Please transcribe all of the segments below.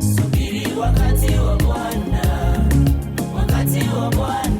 Subiri wakati wa Bwana, wakati wa Bwana.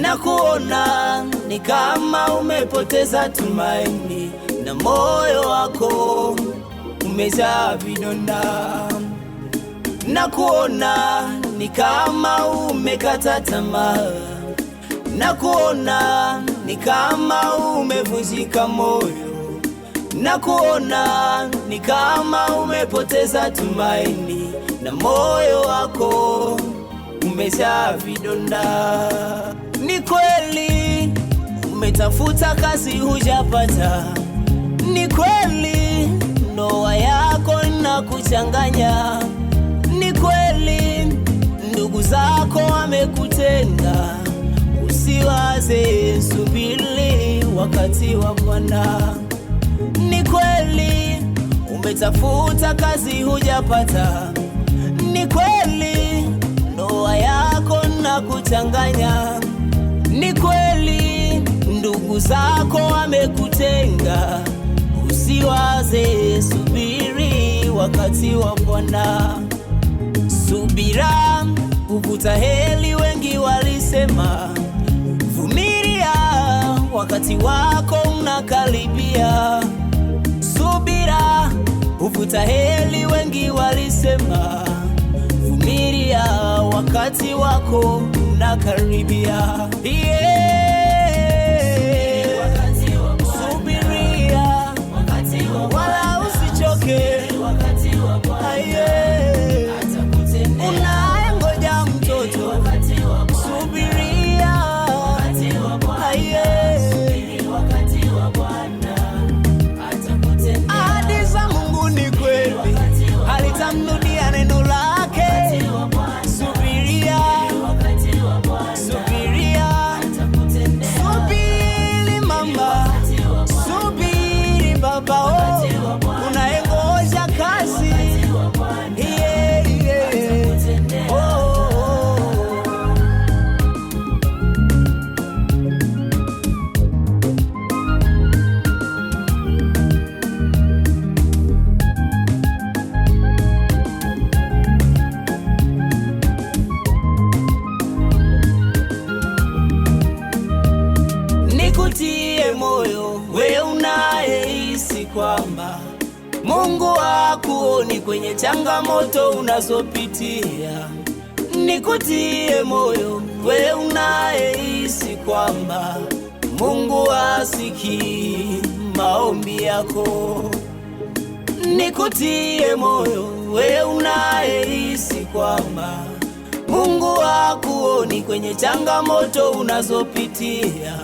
na kuona ni kama umepoteza tumaini na moyo wako umejaa vidonda, na kuona ni kama umekata tamaa, na kuona ni kama umevunjika moyo, na kuona ni kama umepoteza tumaini na moyo wako umejaa vidonda. Ni kweli umetafuta kazi hujapata, ni kweli ndoa yako na kuchanganya, ni kweli ndugu zako wamekutenga. Usiwaze, subiri wakati wa Bwana. Ni kweli umetafuta kazi hujapata, ni kweli ndoa yako na kuchanganya ni kweli ndugu zako wamekutenga, usiwaze, subiri wakati wa Bwana. Subira huvuta heri, wengi walisema. Vumilia, wakati wako unakaribia. Subira huvuta heri, wengi walisema. Vumilia, wakati wako unakaribia. Unmoved. hakuoni kwenye changamoto unazopitia, nikutie moyo we unayehisi kwamba Mungu asikii maombi yako, nikutie moyo we unayehisi kwamba Mungu hakuoni kwenye changamoto unazopitia,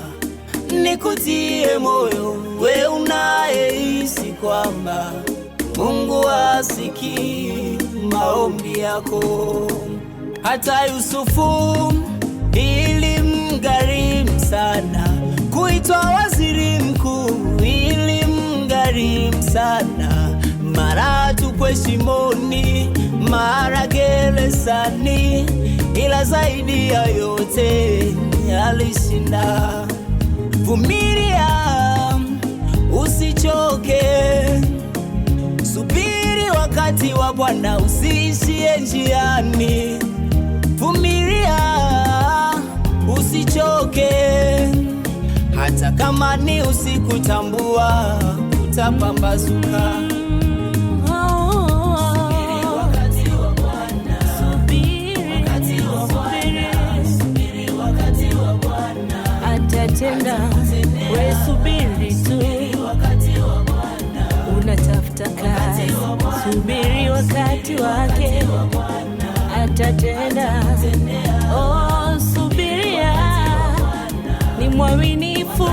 nikutie moyo we unayehisi kwamba hayasikii maombi yako. Hata Yusufu ilimgharimu sana kuitwa waziri mkuu, ilimgharimu sana mara tupwe shimoni, mara gerezani, ila zaidi ya yote alishinda. Vumilia, usichoke wakati wa Bwana usiishie njiani, vumilia, usichoke, hata kama ni usiku, tambua utapambazuka. subiri wakati wake, atatenda. Oh, subiria, ni mwaminifu